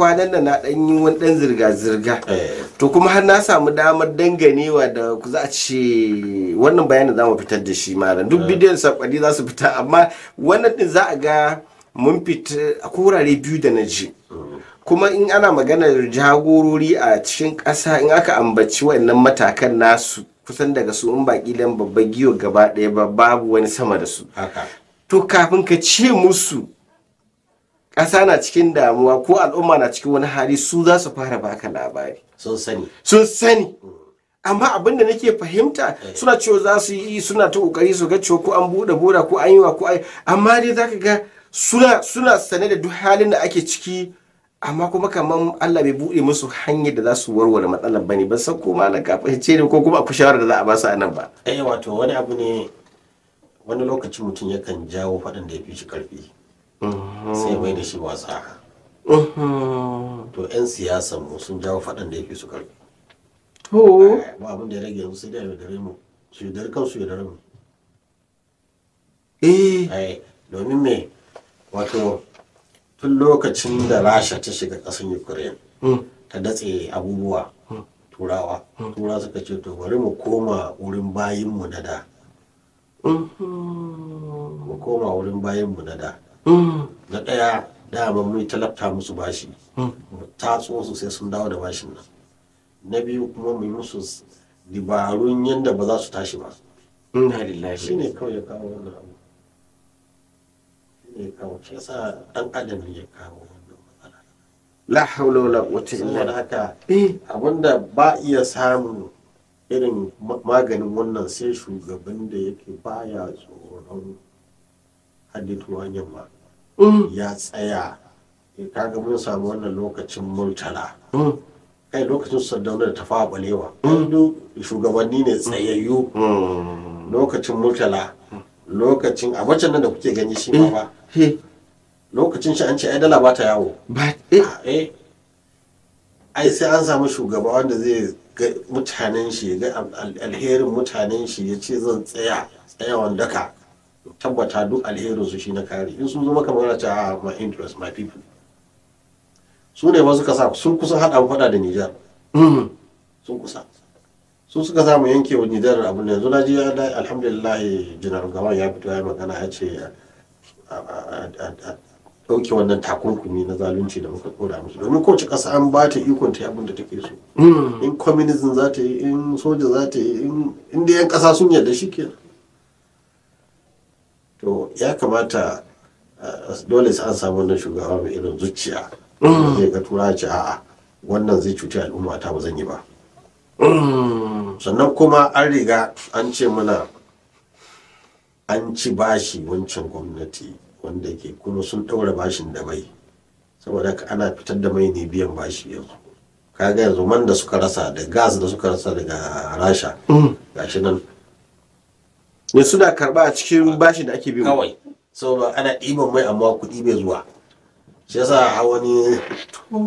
kwanan da na dan yi wani dan zirga-zirga eh. to kuma har na samu damar danganewa da za a ce wannan bayanin za mu fitar da shi malam duk eh. bidiyon sakwadi za su fita amma wannan din za a ga mun fita a kurare biyu da na ji mm. kuma in ana maganar jagorori a cikin ƙasa in aka ambaci wannan matakan nasu kusan daga su in baki dan babban giyo gaba ɗaya ba babu wani sama da su to kafin ka ce musu ƙasa na cikin damuwa ko al'umma na cikin wani hali su za su fara baka labari sun sani sun sani mm. amma abin da nake fahimta eh. suna cewa za su yi suna ta kokari su ga cewa ko an buɗe bora ko an yi wa ko ai amma dai zaka ga suna suna sane da duk halin da ake ciki amma kuma kamar Allah bai buɗe musu hanyar da za su warware matsalar bane ba san ko malam ka fahimce ne ko kuma akwai shawara da za a ba su a nan ba eh wato wani abu ne wani lokacin mutum yakan jawo faɗin da ya fi shi ƙarfi sai mai da shi wasa to 'yan siyasan mu sun jawo faɗan da yake su karfi eh, ba abin da ya rage yanzu sai da dare mu su su ya yaudare mu eh. eh domin me wato tun lokacin da rasha ta shiga ƙasar ukraine mm. ta datse abubuwa mm. turawa mm. tura suka ce to bari mu koma wurin bayinmu na da mu koma wurin bayinmu na da na ɗaya dama mun talabta musu bashi ta su sai sun dawo da bashin nan na biyu kuma mu yi musu dabarun yadda ba za su tashi ba inna lillahi shi ne kawai ya kawo wannan abu shi ne kawo shi yasa dan adam ya kawo wannan matsala la haula wala quwwata illa billah haka eh. abinda ba iya samun irin maganin wannan sai shugaban da yake baya tsoron haddatu wajen ba mm. ya tsaya eh, kaga mun samu wannan lokacin murtala mm. kai lokacin sardauna da tafawa balewa mm. shugabanni ne tsayayyu lokacin murtala lokacin a wacce nan da kuke gani shi ma eh, ba lokacin shi an ce ai dala ba ta yawo eh. Ah, ai sai an samu shugaba wanda zai ga mutanen shi ga alherin mutanen shi ya ce zan tsaya tsayawan daka tabbata duk alherin su shi na kare in sun zo maka ce a ah, my interest my people su ne ba suka sa sun kusa haɗa faɗa da Nijar mm-hmm. sun kusa su suka samu yanke wa Nijar abin yanzu na ji alhamdulillah janar gawan ya fito ya magana ya ce a ɗauke wannan takunkumi na zalunci da muka ɗora musu domin kowace ƙasa an ba ta ikon ta abin da take so mm-hmm. in communism za ta yi in soja za ta yi in da yan ƙasa sun yarda shi kenan to ya kamata eh, dole an samu wannan shugaba mai irin zuciya mm. zai ga tura ce a'a wannan zai cuci al'umma ta ba zan yi ba mm. sannan kuma an riga an ce mana an ci bashi wancan gwamnati wanda ke kuma sun ɗaura bashin da mai saboda ana fitar da mai ne biyan bashi yanzu kaga yanzu man da suka rasa da gas da suka rasa daga rasha mm. gashi nan ne suna karba a cikin bashin da ake biyu kawai saboda ana ɗiban mai amma kuɗi bai zuwa shi yasa a wani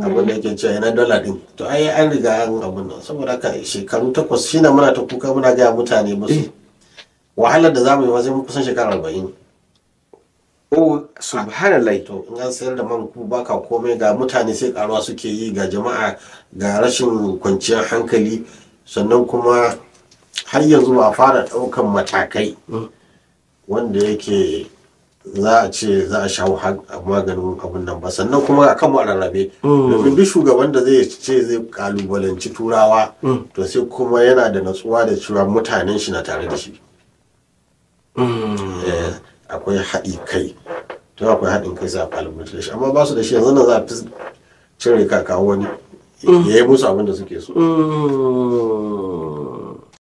abin da yake cewa yana dala din to ai an riga an abin nan saboda haka shekaru takwas shi na muna ta kuka muna gaya mutane musu eh. wahalar da za mu yi wajen kusan shekara arba'in oh subhanallah to in an sayar da man ku baka komai ga mutane sai karuwa suke yi ga jama'a ga rashin kwanciyar hankali sannan kuma har yanzu ba fara ɗaukan matakai hmm. wanda yake za a ce za a shawo maganin abin nan ba sannan kuma a kan rarrabe hmm. domin duk shugaban da zai ce zai kalubalanci turawa hmm. to sai kuma yana da natsuwa da cewa mutanen shi na tare da shi eh, akwai haɗi kai to akwai haɗin kai za a da shi amma ba su da shi yanzu nan za a cire kaka wani ya yi musu abin da suke so